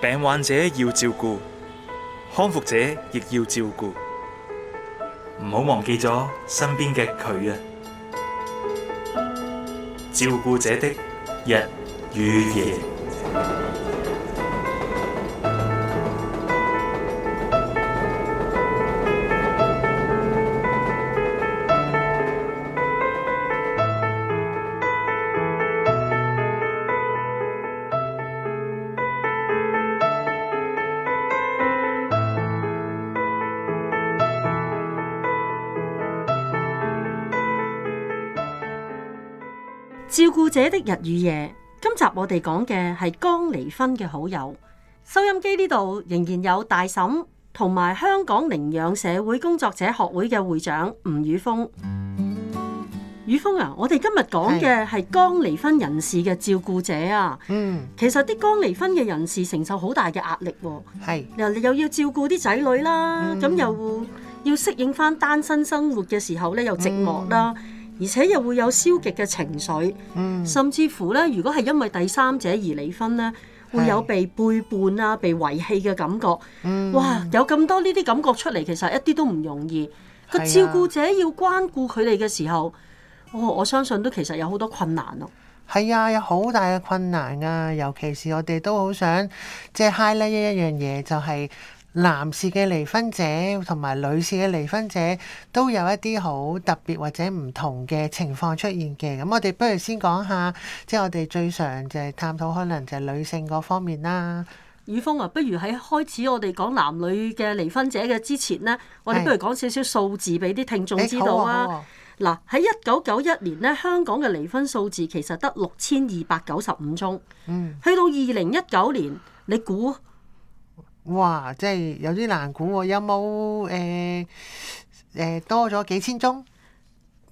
病患者要照顧，康復者亦要照顧，唔好忘記咗身邊嘅佢呀，照顧者的日與夜。者的日與夜，今集我哋講嘅係剛離婚嘅好友。收音機呢度仍然有大嬸同埋香港領養社會工作者學會嘅會長吳宇峰。宇峰啊，我哋今日講嘅係剛離婚人士嘅照顧者啊。嗯是，其實啲剛離婚嘅人士承受好大嘅壓力、啊。係是，又又要照顧啲仔女啦，咁、嗯、又要適應返單身生活嘅時候咧，又寂寞啦。嗯而且又會有消極嘅情緒，嗯、甚至乎呢，如果係因為第三者而離婚呢是會有被背叛啊、被遺棄嘅感覺。嗯、哇！有咁多呢啲感覺出嚟，其實一啲都唔容易。個、啊、照顧者要關顧佢哋嘅時候，哦，我相信都其實有好多困難咯、啊。係啊，有好大嘅困難啊，尤其是我哋都好想即係 highlight 一樣嘢，就係、是。男士嘅離婚者同埋女士嘅離婚者都有一啲好特別或者唔同嘅情況出現嘅。咁我哋不如先講下，即係我哋最常就係探討，可能就係女性嗰方面啦。宇峰啊，不如喺開始我哋講男女嘅離婚者嘅之前呢，我哋不如講少少數字俾啲聽眾知道啊。嗱，喺一九九一年呢，香港嘅離婚數字其實得六千二百九十五宗。嗯，去到二零一九年，你估？哇，即係有啲難估，有冇誒誒多咗幾千宗，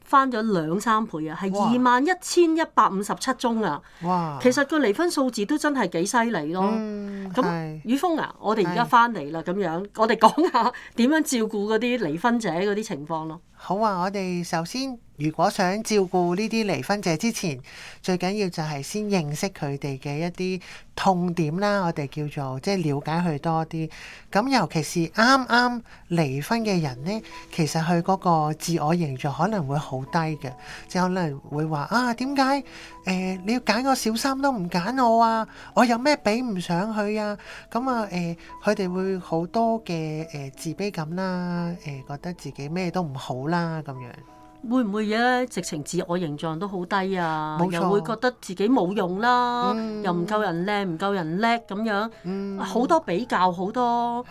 翻咗兩三倍啊，係二萬一千一百五十七宗啊，哇！其實個離婚數字都真係幾犀利咯，咁雨峰啊，我哋而家翻嚟啦，咁樣我哋講下點樣照顧嗰啲離婚者嗰啲情況咯。好啊！我哋首先，如果想照顧呢啲離婚者之前，最緊要就係先認識佢哋嘅一啲痛點啦。我哋叫做即係、就是、了解佢多啲。咁尤其是啱啱離婚嘅人呢，其實佢嗰個自我形象可能會好低嘅，就可能會話啊點解？誒、欸，你要揀個小三都唔揀我啊！我有咩比唔上佢啊？咁啊誒，佢哋會好多嘅誒、欸、自卑感啦，誒、欸、覺得自己咩都唔好啦咁樣。會唔會嘅、啊？直情自我形象都好低啊，冇錯，又會覺得自己冇用啦，嗯、又唔夠人靚，唔夠人叻咁樣，嗯、好多比較，好多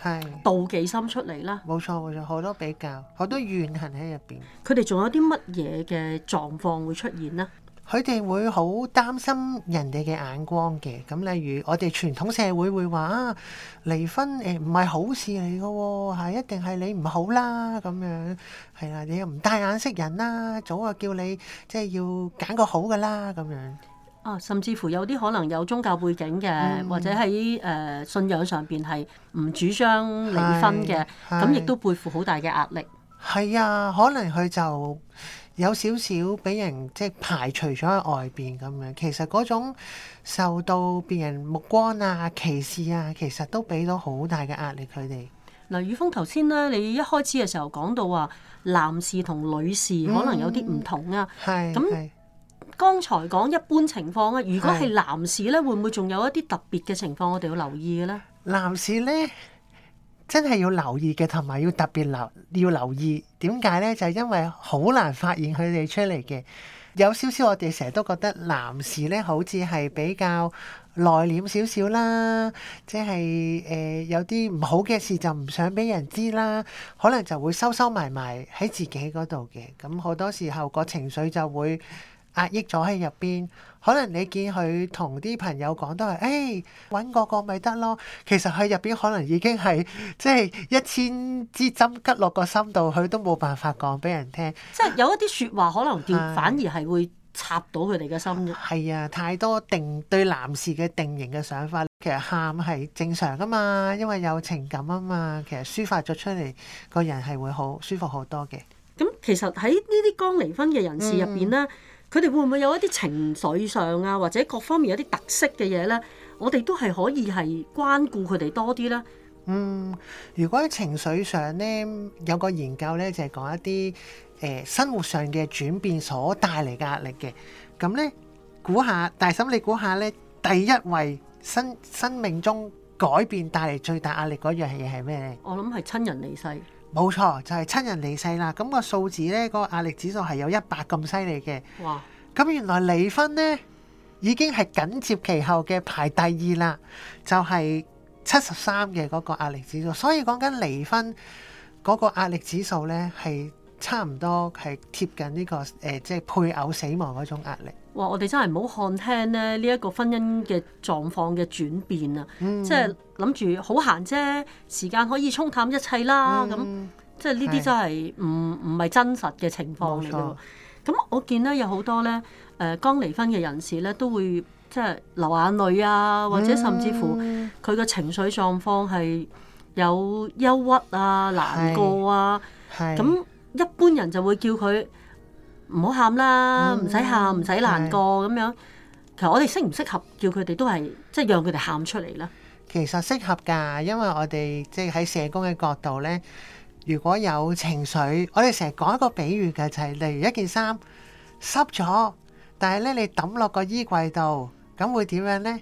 妒忌心出嚟啦。冇錯冇錯，好多比較，好多怨恨喺入邊。佢哋仲有啲乜嘢嘅狀況會出現呢？佢哋會好擔心人哋嘅眼光嘅，咁例如我哋傳統社會會話啊，離婚誒唔係好事嚟㗎喎，係一定係你唔好啦咁樣，係啊你又唔帶眼識人就、就是、啦，早就叫你即係要揀個好㗎啦咁樣。啊，甚至乎有啲可能有宗教背景嘅，嗯、或者喺誒信仰上面係唔主張離婚嘅，咁亦都背負好大嘅壓力。係啊，可能佢就。有少少俾人即係、就是、排除咗喺外邊，咁樣，其實嗰種受到別人目光啊、歧視啊，其實都俾到好大嘅壓力佢哋。嗱、呃，宇峰頭先咧，你一開始嘅時候講到話男士同女士可能有啲唔同啊。係、嗯。咁那剛才講一般情況啊，如果係男士咧，是會唔會仲有一啲特別嘅情況我哋要留意嘅咧？男士咧？真係要留意嘅，同埋要特別留要留意。點解咧？就係因為好難發現佢哋出嚟嘅。有少少，我哋成日都覺得男士咧，好似係比較內斂少少啦。即係誒，有啲唔好嘅事就唔想俾人知啦，可能就會收收埋埋喺自己嗰度嘅。咁好多時候個情緒就會。壓抑咗喺入邊，可能你見佢同啲朋友講都係，誒、哎、揾個一個咪得咯。其實佢入邊可能已經係即係一千支針拮落個心度，佢都冇辦法講俾人聽。即係有一啲説話，可能反而係會插到佢哋嘅心嘅。係、嗯、啊，太多定對男士嘅定型嘅想法。其實喊係正常噶嘛，因為有情感啊嘛。其實抒發咗出嚟，個人係會好舒服好多嘅。咁其實喺呢啲剛離婚嘅人士入邊咧，佢哋會唔會有一啲情緒上啊，或者各方面有啲特色嘅嘢咧？我哋都係可以係關顧佢哋多啲咧。嗯，如果喺情緒上咧有個研究咧，就係講一啲誒生活上嘅轉變所帶嚟嘅壓力嘅。咁咧，估下大嬸，你估下咧，第一位生生命中改變帶嚟最大壓力嗰樣嘢係咩咧？我諗係親人離世。冇錯，就係親人離世啦。咁個數字呢，嗰個壓力指數係有一百咁犀利嘅。哇！咁原來離婚呢，已經係緊接其後嘅排第二啦，就係七十三嘅嗰個壓力指數。所以講緊離婚嗰個壓力指數呢，係。差唔多係貼近呢、這個誒、呃，即係配偶死亡嗰種壓力。哇！我哋真係唔好看聽咧，呢、這、一個婚姻嘅狀況嘅轉變啊，嗯、即係諗住好閒啫，時間可以沖淡一切啦。咁、嗯、即係呢啲真係唔唔係真實嘅情況嚟嘅。咁、嗯、我見到有好多咧誒、呃，剛離婚嘅人士咧都會即係流眼淚啊，或者甚至乎佢嘅情緒狀況係有憂鬱啊、難過啊，咁、啊。一般人就會叫佢唔好喊啦，唔使喊，唔使難過咁樣。其實我哋適唔適合叫佢哋都係即係讓佢哋喊出嚟咧？其實適合㗎，因為我哋即係喺社工嘅角度咧，如果有情緒，我哋成日講一個比喻嘅就係，例如一件衫濕咗，但係咧你抌落個衣櫃度，咁會點樣咧？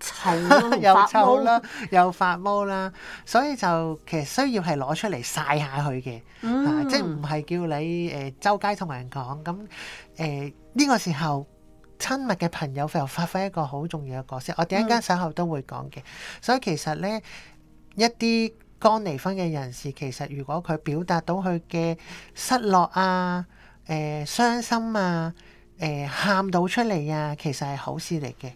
臭啦， 又臭啦，發霉又發毛啦，所以就其實需要係攞出嚟曬下佢嘅，嗯啊，即係唔係叫你誒、呃、周街同人講咁，誒呢個時候親密嘅朋友反而發揮一個好重要嘅角色，我點一間稍後都會講嘅，嗯、所以其實呢，一啲剛離婚嘅人士其實如果佢表達到佢嘅失落啊、誒、呃、傷心啊、誒、呃、喊到出嚟啊，其實係好事嚟嘅。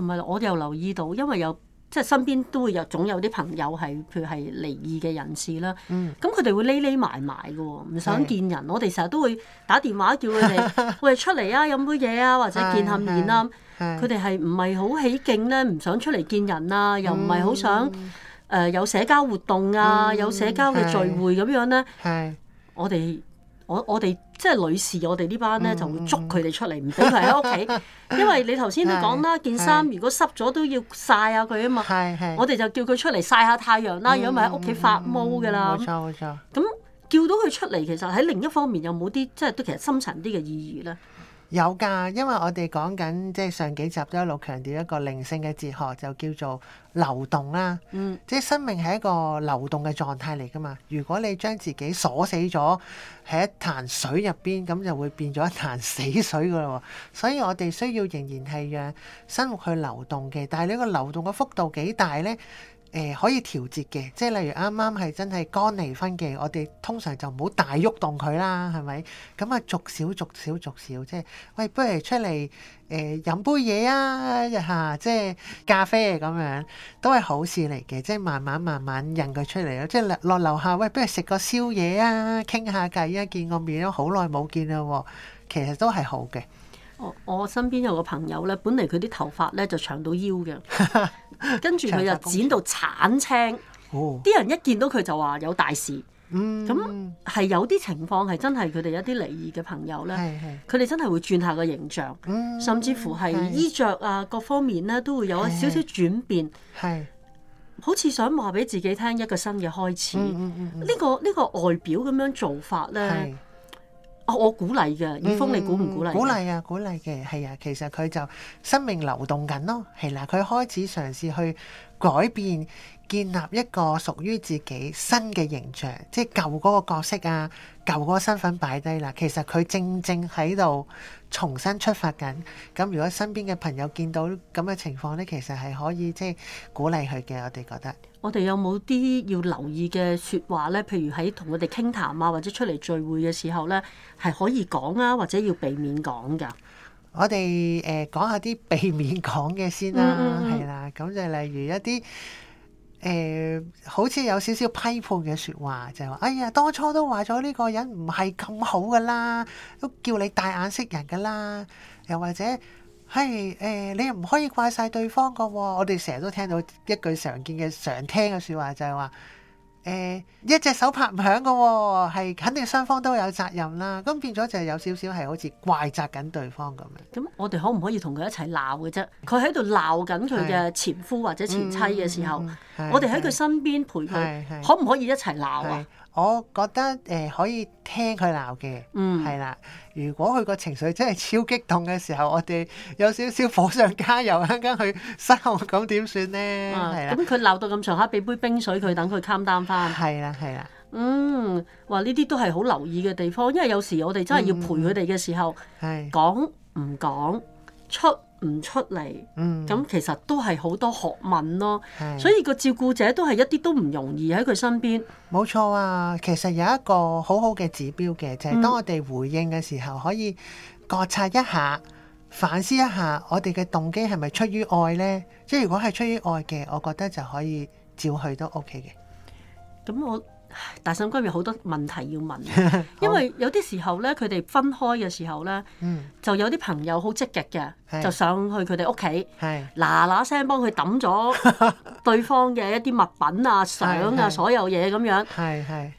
同埋，我又留意到，因為有即係身邊都會有總有啲朋友係，譬如係離異嘅人士啦。咁佢哋會匿匿埋埋嘅，唔想見人。是我哋成日都會打電話叫佢哋，喂 出嚟啊，飲杯嘢啊，或者見下面啊。佢哋係唔係好起勁咧？唔想出嚟見人啊，又唔係好想誒有社交活動啊，有社交嘅聚會咁樣咧。是是我哋。我我哋即係女士，我哋呢班咧就會捉佢哋出嚟，唔俾佢喺屋企， 因為你頭先都講啦，是件衫如果濕咗都要曬下佢啊嘛。係係，我哋就叫佢出嚟曬下太陽啦，如果唔係喺屋企發毛噶啦。冇錯冇錯。咁叫到佢出嚟，其實喺另一方面有冇啲即係都其實都深層啲嘅意義咧？有噶，因為我哋講緊即係上幾集都一路強調一個靈性嘅哲學，就叫做流動啦。嗯，即係生命係一個流動嘅狀態嚟噶嘛。如果你將自己鎖死咗喺一潭水入邊，咁就會變咗一潭死水噶啦。所以我哋需要仍然係讓生活去流動嘅，但係你個流動嘅幅度幾大咧？誒、呃、可以調節嘅，即係例如啱啱係真係剛離婚嘅，我哋通常就唔好大喐動佢啦，係咪？咁啊，逐少逐少逐少，即係喂，不如出嚟誒飲杯嘢啊，日、啊、下即係咖啡咁樣，都係好事嚟嘅，即係慢慢慢慢引佢出嚟咯。即係落落樓下，喂，不如食個宵夜啊，傾下偈啊，見個面咯，好耐冇見啦、啊，其實都係好嘅。我身邊有個朋友咧，本嚟佢啲頭髮咧就長到腰嘅，跟住佢就剪到鏟青。啲、 呃、人一見到佢就話有大事。嗯，咁係有啲情況係真係佢哋一啲離異嘅朋友咧，佢哋、嗯嗯、真係會轉下個形象，嗯嗯、甚至乎係衣着啊各方面咧都會有一少少轉變。係、嗯，嗯嗯嗯、好似想話俾自己聽一個新嘅開始。呢個呢個外表咁樣做法咧。哦、我鼓勵嘅，以峰你鼓唔鼓勵？鼓勵啊，鼓勵嘅，係啊，其實佢就生命流動緊咯，係啦、啊，佢開始嘗試去改變。建立一個屬於自己新嘅形象，即係舊嗰個角色啊、舊嗰個身份擺低啦。其實佢正正喺度重新出發緊。咁如果身邊嘅朋友見到咁嘅情況呢，其實係可以即係鼓勵佢嘅。我哋覺得我哋有冇啲要留意嘅説話呢？譬如喺同佢哋傾談啊，或者出嚟聚會嘅時候呢，係可以講啊，或者要避免、呃、講㗎。我哋誒講下啲避免講嘅先啦、啊，係啦、嗯嗯嗯，咁、啊、就例如一啲。好似有少少批判嘅説話，就係、是、話：哎呀，當初都話咗呢個人唔係咁好㗎啦，都叫你大眼識人㗎啦。又或者係誒、哎呃，你唔可以怪晒對方㗎喎、哦。我哋成日都聽到一句常見嘅、常聽嘅説話，就係、是、話。誒、欸、一隻手拍唔響嘅喎，係肯定雙方都有責任啦。咁變咗就係有少少係好似怪責緊對方咁樣。咁我哋可唔可以同佢一齊鬧嘅啫？佢喺度鬧緊佢嘅前夫或者前妻嘅時候，嗯嗯、我哋喺佢身邊陪佢，可唔可以一齊鬧啊？我覺得誒、呃、可以聽佢鬧嘅，係啦、嗯。如果佢個情緒真係超激動嘅時候，我哋有少少火上加油，跟 佢失控，講點算呢？係啦、啊，咁佢鬧到咁上下俾杯冰水佢，等佢 calm 翻。係啦，係啦。嗯，話呢啲都係好留意嘅地方，因為有時我哋真係要陪佢哋嘅時候，講唔講出？唔出嚟，咁、嗯、其實都係好多學問咯，是所以個照顧者都係一啲都唔容易喺佢身邊。冇錯啊，其實有一個好好嘅指標嘅，就係、是、當我哋回應嘅時候，嗯、可以覺察一下、反思一下，我哋嘅動機係咪出於愛呢？即係如果係出於愛嘅，我覺得就可以照去都 OK 嘅。咁、嗯、我。大省居民好多問題要問，因為有啲時候咧，佢哋分開嘅時候咧，就有啲朋友好積極嘅，就去是的 上去佢哋屋企，嗱嗱聲幫佢抌咗對方嘅一啲物品啊、相啊、所有嘢咁樣。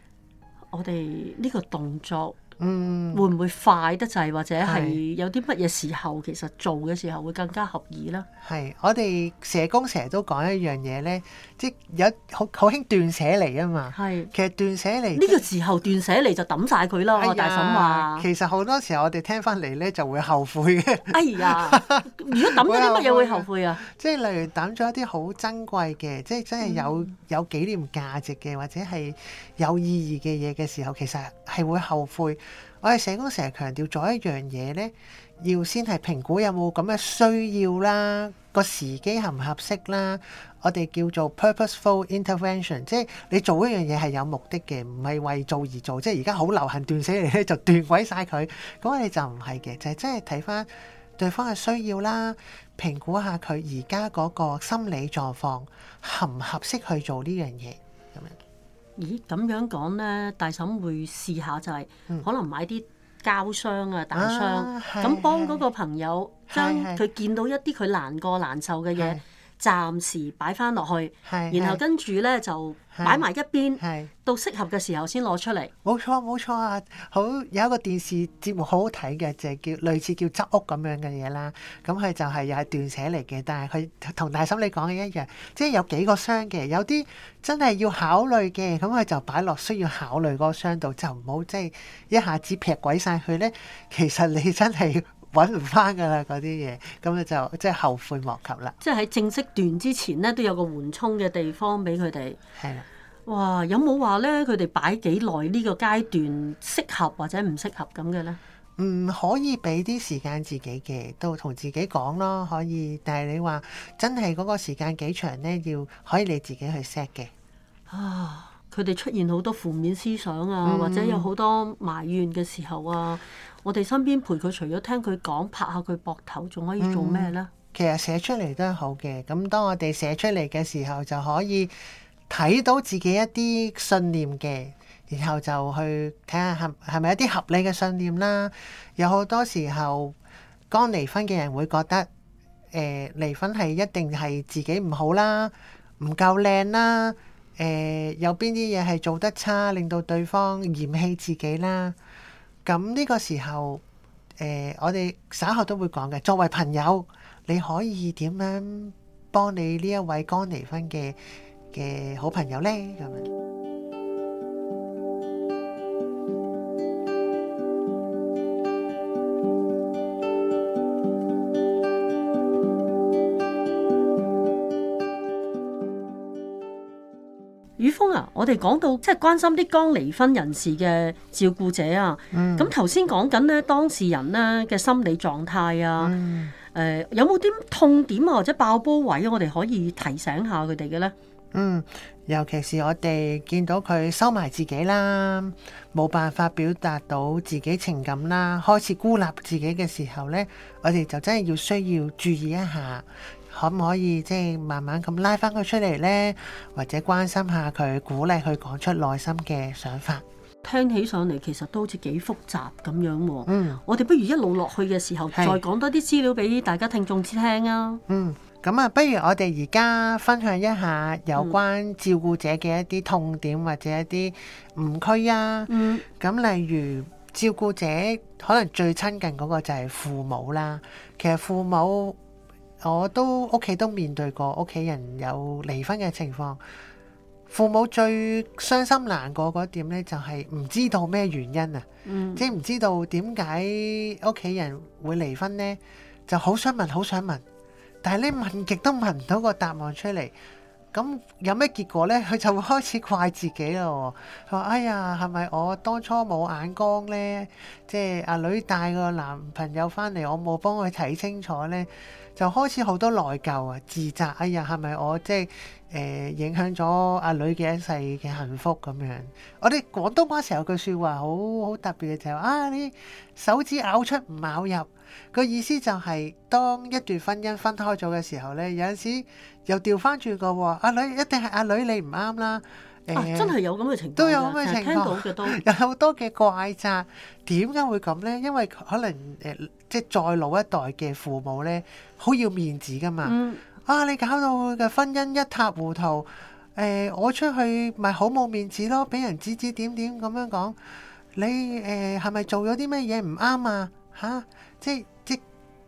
我哋呢個動作。嗯，會唔會快得滯，或者係有啲乜嘢時候，是其實做嘅時候會更加合意啦。係，我哋社工成日都講一樣嘢咧，即係有好好興斷捨離啊嘛。係是，其實斷捨離呢、就係、個時候斷捨離就抌晒佢啦。哎、呀我大嬸話，其實好多時候我哋聽翻嚟咧就會後悔嘅。哎呀，如果抌咗啲乜嘢會後悔啊！ 即係例如抌咗一啲好珍貴嘅，即係真係有、嗯、有紀念價值嘅，或者係有意義嘅嘢嘅時候，其實係會後悔。我哋社工成日強調做一樣嘢咧，要先係評估有冇咁嘅需要啦，個時機合唔合適啦。我哋叫做 purposeful intervention，即係你做一樣嘢係有目的嘅，唔係為做而做。即係而家好流行斷捨離咧，就斷鬼晒佢。嗰個就唔係嘅，就係即係睇翻對方嘅需要啦，評估下佢而家嗰個心理狀況合唔合適去做呢樣嘢。咦，咁樣講咧，大嬸會試下就係、是，嗯、可能買啲膠箱啊、蛋箱，咁、啊、幫嗰個朋友將佢見到一啲佢難過難受嘅嘢。暫時擺翻落去，是然後跟住呢是就擺埋一邊，是到適合嘅時候先攞出嚟。冇錯冇錯啊！好，有一個電視節目好好睇嘅，就係叫類似叫執屋咁樣嘅嘢啦。咁佢就係又係斷捨離嘅，但係佢同大心你講嘅一樣，即係有幾個箱嘅，有啲真係要考慮嘅，咁佢就擺落需要考慮嗰箱度，就唔好即係一下子劈鬼晒佢呢。其實你真係～揾唔翻噶啦，嗰啲嘢，咁你就即係、就是、後悔莫及啦。即係喺正式斷之前呢，都有個緩衝嘅地方俾佢哋。係啦的，哇，有冇話呢？佢哋擺幾耐呢個階段適合或者唔適合咁嘅呢？嗯，可以俾啲時間自己嘅，都同自己講咯。可以，但係你話真係嗰個時間幾長呢，要可以你自己去 set 嘅。啊，佢哋出現好多負面思想啊，或者有好多埋怨嘅時候啊。嗯我哋身邊陪佢，除咗聽佢講、拍下佢膊頭，仲可以做咩呢？嗯，其實寫出嚟都係好嘅。咁當我哋寫出嚟嘅時候，就可以睇到自己一啲信念嘅，然後就去睇下係係咪一啲合理嘅信念啦。有好多時候，剛離婚嘅人會覺得，誒、呃、離婚係一定係自己唔好啦，唔夠靚啦，誒、呃、有邊啲嘢係做得差，令到對方嫌棄自己啦。咁呢個時候，誒、呃，我哋稍後都會講嘅。作為朋友，你可以點樣幫你呢一位剛離婚嘅嘅好朋友呢？咁樣。 我哋講到即係、就是、關心啲剛離婚人士嘅照顧者、嗯、啊，咁頭先講緊咧當事人咧嘅心理狀態啊，誒、嗯呃，有冇啲痛點啊或者爆煲位，我哋可以提醒下佢哋嘅咧？嗯，尤其是我哋見到佢收埋自己啦，冇辦法表達到自己情感啦，開始孤立自己嘅時候咧，我哋就真係要需要注意一下。可唔可以即係慢慢咁拉翻佢出嚟呢？或者關心下佢，鼓勵佢講出內心嘅想法。聽起上嚟其實都好似幾複雜咁樣。嗯，我哋不如一路落去嘅時候是再講多啲資料俾大家聽眾知聽啊。嗯，咁啊，不如我哋而家分享一下有關照顧者嘅一啲痛點或者一啲誤區啊。嗯，咁例如照顧者可能最親近嗰個就係父母啦。其實父母。我都屋企都面對過屋企人有離婚嘅情況，父母最傷心難過嗰一點呢，就係唔知道咩原因啊，嗯、即係唔知道點解屋企人會離婚呢。就好想問，好想問，但係呢問極都問唔到個答案出嚟。咁有咩結果咧？佢就會開始怪自己咯。佢話：哎呀，係咪我當初冇眼光咧？即係阿女帶個男朋友翻嚟，我冇幫佢睇清楚咧，就開始好多內疚啊、自責。哎呀，係咪我即係？即係誒影響咗阿女嘅一世嘅幸福，咁樣，我哋廣東話成日有句説話，好好特別嘅就係、是、啊，你手指咬出唔咬入，個意思就係、是、當一段婚姻分開咗嘅時候咧，有陣時又調翻轉個喎，阿、啊、女一定係阿、啊、女你唔啱啦。啊欸、真係有咁嘅情況，都有咁嘅情況，聽到嘅都 有好多嘅怪責，點解會咁咧？因為可能誒、呃，即係再老一代嘅父母咧，好要面子噶嘛。嗯啊！你搞到嘅婚姻一塌糊塗，誒、呃、我出去咪好冇面子咯，俾人指指點點咁樣講，你誒係咪做咗啲咩嘢唔啱啊？嚇、啊！即即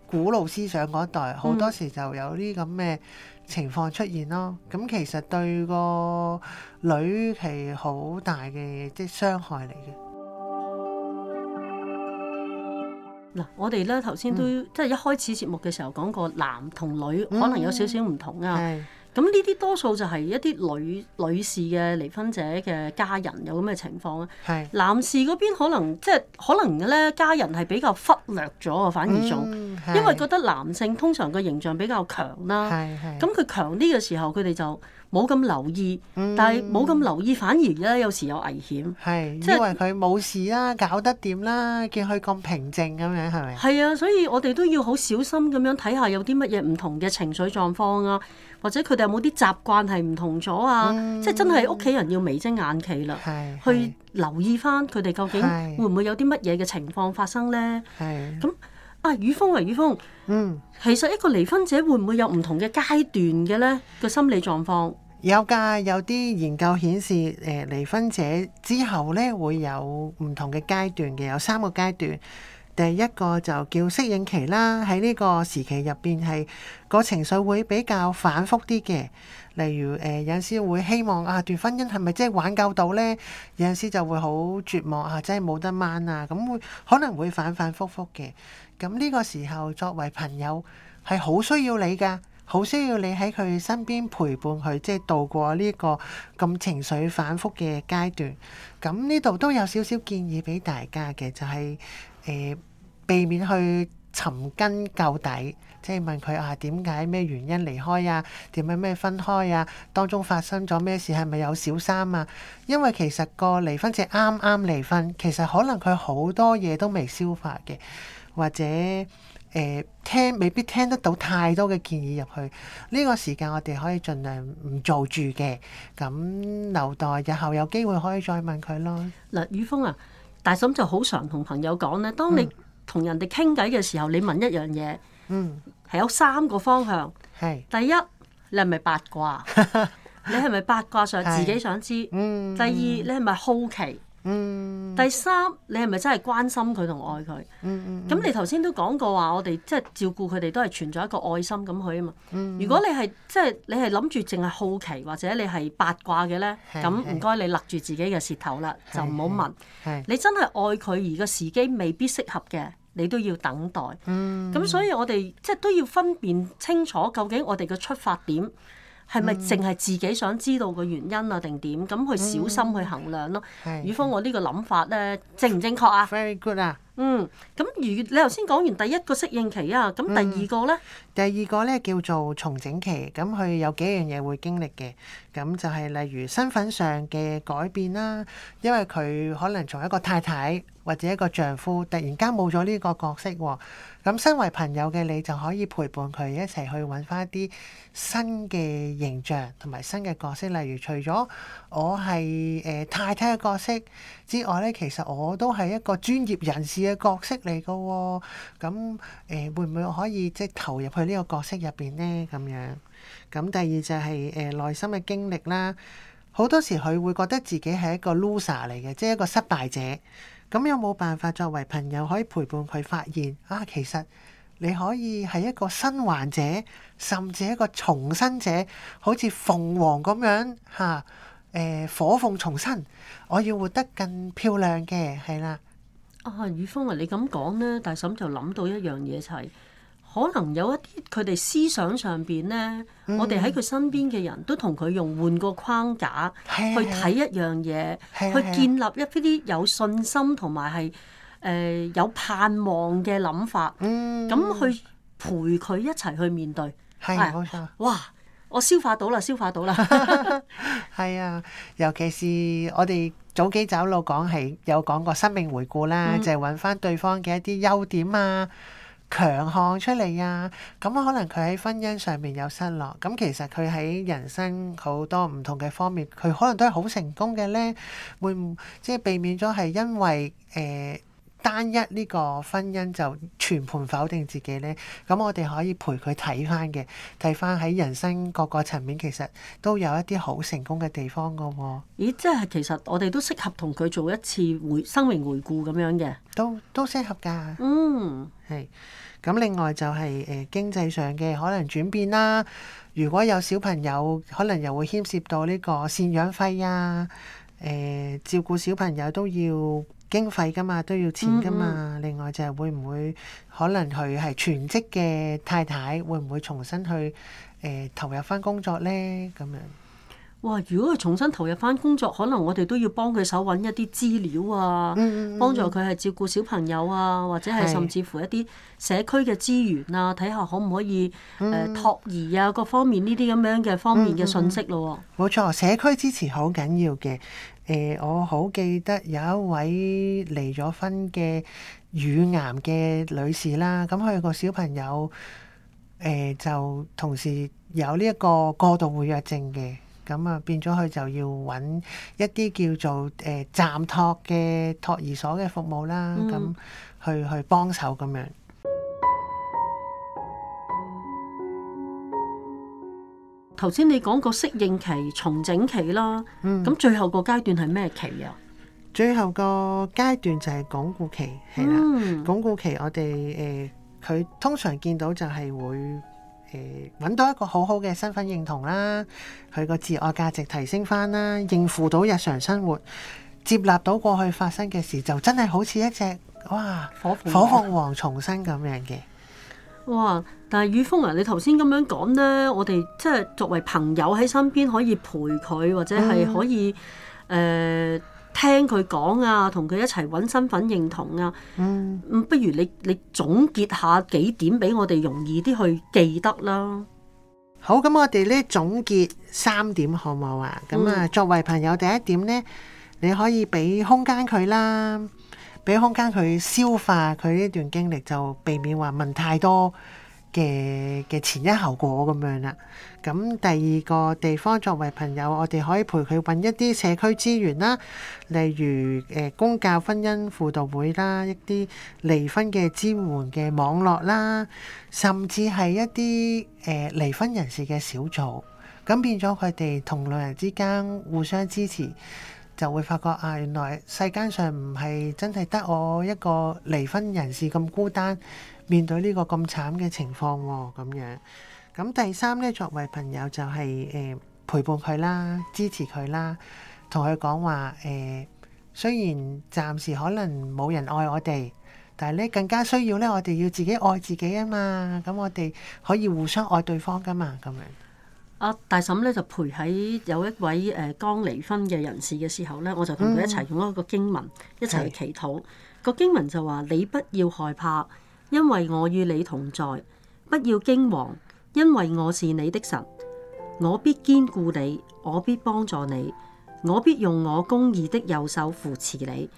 古老思想嗰代好多時就有啲咁咩情況出現咯，咁、嗯、其實對個女係好大嘅即傷害嚟嘅。嗱，我哋咧頭先都、嗯、即係一開始節目嘅時候講過，男同女可能有少少唔同啊。咁呢啲多數就係一啲女女士嘅離婚者嘅家人有咁嘅情況啦、啊。是男士嗰邊可能即係可能咧，家人係比較忽略咗啊，反而仲、嗯、因為覺得男性通常個形象比較強啦、啊。咁佢強啲嘅時候，佢哋就。冇咁留意，嗯、但係冇咁留意，反而咧有時有危險。係是，即因為佢冇事啦，搞得掂啦，見佢咁平靜咁樣，係咪？係啊，所以我哋都要好小心咁樣睇下有啲乜嘢唔同嘅情緒狀況啦、啊，或者佢哋有冇啲習慣係唔同咗啊？嗯、即係真係屋企人要眉增眼企啦，去留意翻佢哋究竟會唔會有啲乜嘢嘅情況發生咧？咁。啊，宇峰啊，宇峰，嗯，其實一個離婚者會唔會有唔同嘅階段嘅呢個心理狀況？有㗎，有啲研究顯示，誒，離婚者之後呢會有唔同嘅階段嘅，有三個階段。第一個就叫適應期啦，喺呢個時期入邊係個情緒會比較反覆啲嘅。例如誒、呃，有陣時會希望啊，段婚姻係咪即係挽救到呢？有陣時就會好絕望啊，真係冇得掹啊！咁會可能會反反覆覆嘅。咁呢個時候作為朋友係好需要你㗎，好需要你喺佢身邊陪伴佢，即係度過呢個咁情緒反覆嘅階段。咁呢度都有少少建議俾大家嘅，就係。誒、呃，避免去尋根究底，即係問佢啊點解咩原因離開啊？點樣咩分開啊？當中發生咗咩事？係咪有小三啊？因為其實個離婚者啱啱離婚，其實可能佢好多嘢都未消化嘅，或者誒、呃、聽未必聽得到太多嘅建議入去。呢、這個時間我哋可以盡量唔做住嘅，咁留待日後有機會可以再問佢咯。嗱、呃，宇峰啊。大嬸就好常同朋友講咧，當你同人哋傾偈嘅時候，你問一樣嘢，嗯，係有三個方向，係是第一，你係咪八卦？ 你係咪八卦上自己想知？嗯。第二，你係咪好奇？嗯，第三，你係咪真係關心佢同愛佢？嗯。嗯嗯。咁你頭先都講過話，我哋即係照顧佢哋都係存在一個愛心咁去啊嘛。嗯。如果你係即係你係諗住淨係好奇或者你係八卦嘅咧，咁唔該你勒住自己嘅舌頭啦，是就唔好問。你真係愛佢而個時機未必適合嘅，你都要等待。嗯。咁所以我哋即係都要分辨清楚，究竟我哋嘅出發點。係咪淨係自己想知道個原因啊？定點咁去小心、嗯、去衡量咯，啊。的宇峰，我個呢個諗法咧正唔正確啊？Very good 啊！嗯，咁如你頭先講完第一個適應期啊，咁第二個咧？嗯第二個咧，叫做重整期，咁佢有幾樣嘢會經歷嘅，咁就係例如身份上嘅改變啦，因為佢可能從一個太太或者一個丈夫突然間冇咗呢個角色喎，咁身為朋友嘅你就可以陪伴佢一齊去搵翻一啲新嘅形象同埋新嘅角色，例如除咗我係誒、呃、太太嘅角色之外咧，其實我都係一個專業人士嘅角色嚟嘅喎，咁誒、呃、會唔會可以即係投入去？呢個角色入邊呢，咁樣咁第二就係誒內心嘅經歷啦。好多時佢會覺得自己係一個 loser 嚟嘅，即係一個失敗者。咁有冇辦法作為朋友可以陪伴佢發現啊？其實你可以係一個生還者，甚至一個重生者，好似鳳凰咁樣吓。誒、啊呃，火鳳重生，我要活得更漂亮嘅係啦。啊，雨峰啊，你咁講呢？大嬸就諗到一樣嘢就係。可能有一啲佢哋思想上邊呢、嗯、我哋喺佢身邊嘅人都同佢用換個框架、啊、去睇一樣嘢，啊、去建立一啲啲有信心同埋係誒有盼望嘅諗法。咁、嗯、去陪佢一齊去面對，係冇錯。哇！我消化到啦，消化到啦。係 啊，尤其是我哋早幾集路講起有講過生命回顧啦，嗯、就係揾翻對方嘅一啲優點啊。強項出嚟啊！咁可能佢喺婚姻上面有失落，咁其實佢喺人生好多唔同嘅方面，佢可能都係好成功嘅咧。會唔即係避免咗係因為誒，呃單一呢個婚姻就全盤否定自己呢。咁我哋可以陪佢睇翻嘅，睇翻喺人生各個層面，其實都有一啲好成功嘅地方㗎喎。咦，即係其實我哋都適合同佢做一次回生命回顧咁樣嘅。都都適合㗎。嗯，係。咁另外就係誒經濟上嘅可能轉變啦。如果有小朋友，可能又會牽涉到呢個贍養費啊。誒照顧小朋友都要經費㗎嘛，都要錢㗎嘛。另外就係會唔會可能佢係全職嘅太太，會唔會重新去誒投入返工作呢？咁樣哇！如果佢重新投入返工作，可能我哋都要幫佢手揾一啲資料啊，幫助佢係照顧小朋友啊，或者係甚至乎一啲社區嘅資源啊，睇下可唔可以誒託兒啊各方面呢啲咁樣嘅方面嘅訊息咯。冇錯，社區支持好緊要嘅。誒、呃，我好記得有一位離咗婚嘅乳癌嘅女士啦，咁佢個小朋友誒、呃、就同時有呢一個過度活躍症嘅，咁啊，變咗佢就要揾一啲叫做誒、呃、暫托嘅托兒所嘅服務啦，咁去、嗯、去幫手咁樣。頭先你講個適應期、重整期啦，咁、嗯、最後個階段係咩期啊？最後個階段就係鞏固期，係啦。嗯、鞏固期我哋誒，佢、呃、通常見到就係會誒，揾、呃、到一個好好嘅身份認同啦，佢個自我價值提升翻啦，應付到日常生活，接納到過去發生嘅事，就真係好似一隻哇火、啊、火鳳凰重生咁樣嘅。哇！但係宇峰啊，你頭先咁樣講呢，我哋即係作為朋友喺身邊可以陪佢，或者係可以誒、嗯呃、聽佢講啊，同佢一齊揾身份認同啊。嗯，不如你你總結下幾點俾我哋容易啲去記得啦。好，咁我哋呢總結三點好唔好啊？咁啊，作為朋友，第一點呢，你可以俾空間佢啦。俾空間佢消化佢呢段經歷，就避免話問太多嘅嘅前因後果咁樣啦。咁第二個地方作為朋友，我哋可以陪佢揾一啲社區資源啦，例如誒、呃、公教婚姻輔導會啦，一啲離婚嘅支援嘅網絡啦，甚至係一啲誒離婚人士嘅小組，咁變咗佢哋同路人之間互相支持。就會發覺啊，原來世間上唔係真係得我一個離婚人士咁孤單面對呢個咁慘嘅情況喎，咁樣。咁第三咧，作為朋友就係、是、誒、呃、陪伴佢啦，支持佢啦，同佢講話誒，雖然暫時可能冇人愛我哋，但係咧更加需要咧，我哋要自己愛自己啊嘛。咁我哋可以互相愛對方噶嘛，咁樣。阿大嬸咧就陪喺有一位誒剛離婚嘅人士嘅時候咧，我就同佢一齊用一個經文、嗯、一齊去祈禱。是個經文就話：你不要害怕，因為我與你同在；不要驚惶，因為我是你的神。我必堅固你，我必幫助你，我必用我公義的右手扶持你。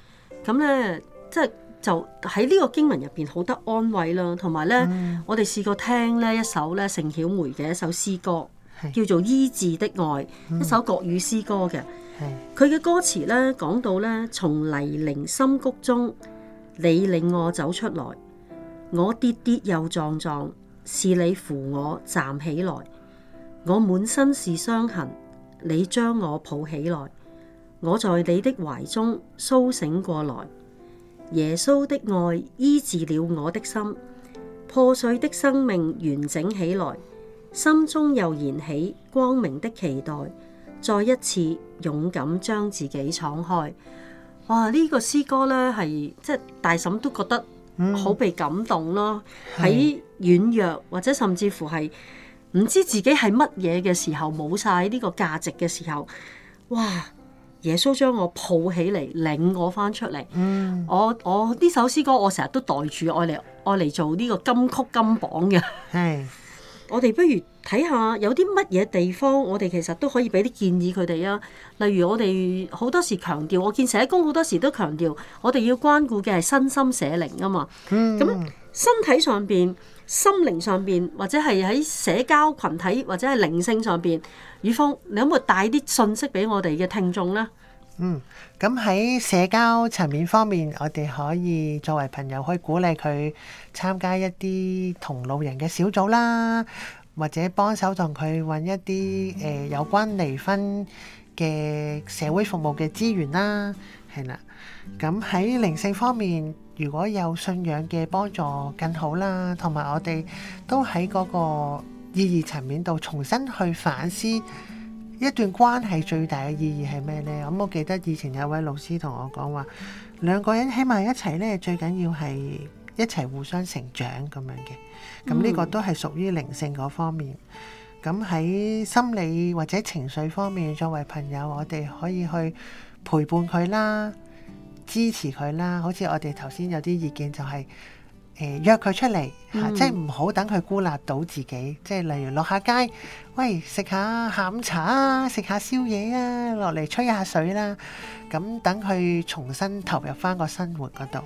咁咧，即係就喺、是、呢個經文入邊好得安慰啦。同埋咧，嗯、我哋試過聽咧一首咧盛曉梅嘅一首詩歌。叫做醫治的愛，一首國語詩歌嘅。佢嘅歌詞咧，講到咧，從泥濘深谷中，你領我走出來，我跌跌又撞撞，是你扶我站起來，我滿身是傷痕，你將我抱起來，我在你的懷中甦醒過來，耶穌的愛醫治了我的心，破碎的生命完整起來。心中又燃起光明的期待，再一次勇敢將自己敞開。哇！呢個詩歌呢，係即係大嬸都覺得好被感動咯。喺軟、嗯、弱或者甚至乎係唔知自己係乜嘢嘅時候，冇晒呢個價值嘅時候，哇！耶穌將我抱起嚟，領我翻出嚟、嗯。我我呢首詩歌我常常，我成日都袋住，愛嚟愛嚟做呢個金曲金榜嘅。係、嗯。 我哋不如睇下有啲乜嘢地方，我哋其實都可以俾啲建議佢哋啊。例如我哋好多時強調，我見社工好多時都強調，我哋要關顧嘅係身心社靈啊嘛。嗯，咁身體上邊、心靈上邊，或者係喺社交群體或者係靈性上邊，宇峯，你可唔可以帶啲信息俾我哋嘅聽眾咧？嗯，咁喺社交層面方面，我哋可以作為朋友去鼓勵佢參加一啲同路人嘅小組啦，或者幫手同佢搵一啲誒、呃、有關離婚嘅社會服務嘅資源啦，係啦。咁喺靈性方面，如果有信仰嘅幫助更好啦，同埋我哋都喺嗰個意義層面度重新去反思。一段關係最大嘅意義係咩呢？咁、嗯、我記得以前有位老師同我講話，兩個人喺埋一齊呢，最緊要係一齊互相成長咁樣嘅。咁、嗯、呢個都係屬於靈性嗰方面。咁喺心理或者情緒方面，作為朋友，我哋可以去陪伴佢啦，支持佢啦。好似我哋頭先有啲意見就係、是。誒約佢出嚟，嗯、即係唔好等佢孤立到自己。即係例如落下街，喂，食下下午茶啊，食下宵夜啊，落嚟吹下水啦。咁等佢重新投入翻個生活嗰度。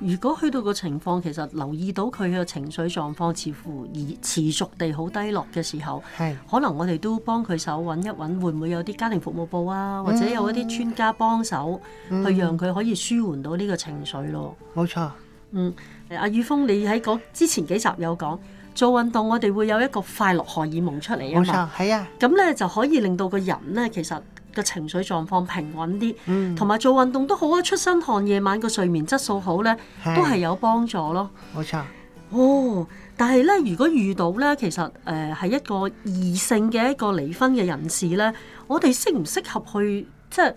如果去到個情況，其實留意到佢嘅情緒狀況似乎持續地好低落嘅時候，是可能我哋都幫佢手揾一揾，會唔會有啲家庭服務部啊，嗯、或者有一啲專家幫手、嗯、去讓佢可以舒緩到呢個情緒咯。冇錯。嗯，阿宇峰，你喺嗰之前幾集有講做運動，我哋會有一個快樂荷爾蒙出嚟啊嘛，係啊，咁咧就可以令到個人咧，其實個情緒狀況平穩啲，同埋、嗯、做運動都好啊，出身汗，夜晚個睡眠質素好咧，啊、都係有幫助咯。冇錯，哦，但係咧，如果遇到咧，其實誒係、呃、一個異性嘅一個離婚嘅人士咧，我哋適唔適合去即係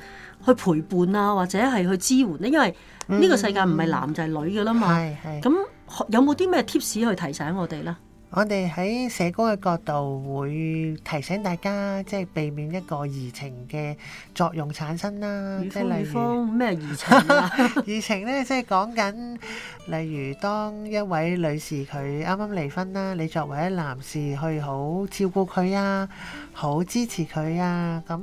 去陪伴啊，或者係去支援咧？因為呢、嗯、個世界唔係男就係、是、女嘅啦嘛，咁有冇啲咩 tips 去提醒我哋咧？我哋喺社工嘅角度會提醒大家，即、就、係、是、避免一個移情嘅作用產生啦。風即係例如咩移情？啊、 移情咧即係講緊，例如當一位女士佢啱啱離婚啦，你作為一男士去好照顧佢啊，好支持佢啊，咁。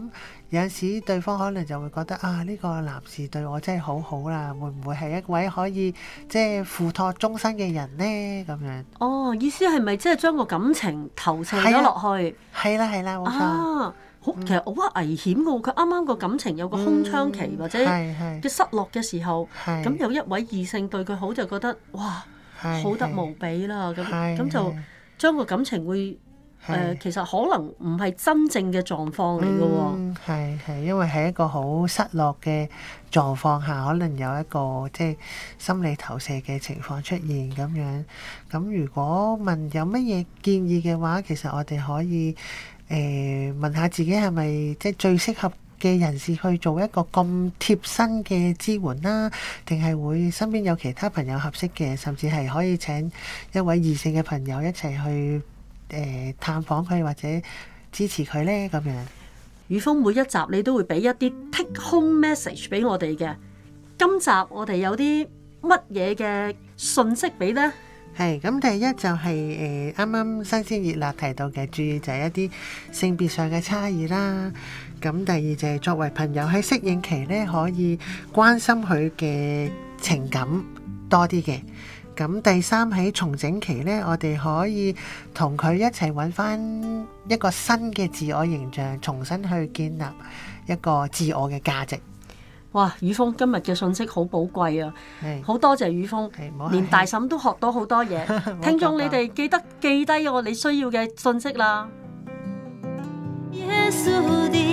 有陣時對方可能就會覺得啊呢個男士對我真係好好啦，會唔會係一位可以即係付託終身嘅人呢？咁樣？哦，意思係咪即係將個感情投射咗落去？係啦係啦，冇錯，啊，好、啊，啊啊、其實好啊危險嘅喎，佢啱啱個感情有個空窗期或者嘅失落嘅時候，咁有一位異性對佢好就覺得哇好得無比啦咁，咁那就將個感情會。誒是其實可能唔係真正嘅狀況嚟嘅喎，係係、嗯、因為喺一個好失落嘅狀況下，可能有一個即係心理投射嘅情況出現咁樣。咁如果問有乜嘢建議嘅話，其實我哋可以誒、呃、問下自己係咪即係最適合嘅人士去做一個咁貼身嘅支援啦？定係會身邊有其他朋友合適嘅，甚至係可以請一位異性嘅朋友一齊去。誒探訪佢或者支持佢呢咁樣，雨峰每一集你都會俾一啲 take home message 俾我哋嘅。今集我哋有啲乜嘢嘅信息俾呢？係咁，第一就係誒啱啱新鮮熱辣提到嘅，注意就係一啲性別上嘅差異啦。咁第二就係作為朋友喺適應期呢，可以關心佢嘅情感多啲嘅。咁第三喺重整期呢，我哋可以同佢一齊揾翻一個新嘅自我形象，重新去建立一個自我嘅價值。哇！宇峰今日嘅信息好寶貴啊，好是多謝宇峰，連大嬸都學到好多嘢。 聽眾你哋 氣記得記低我你需要嘅信息啦。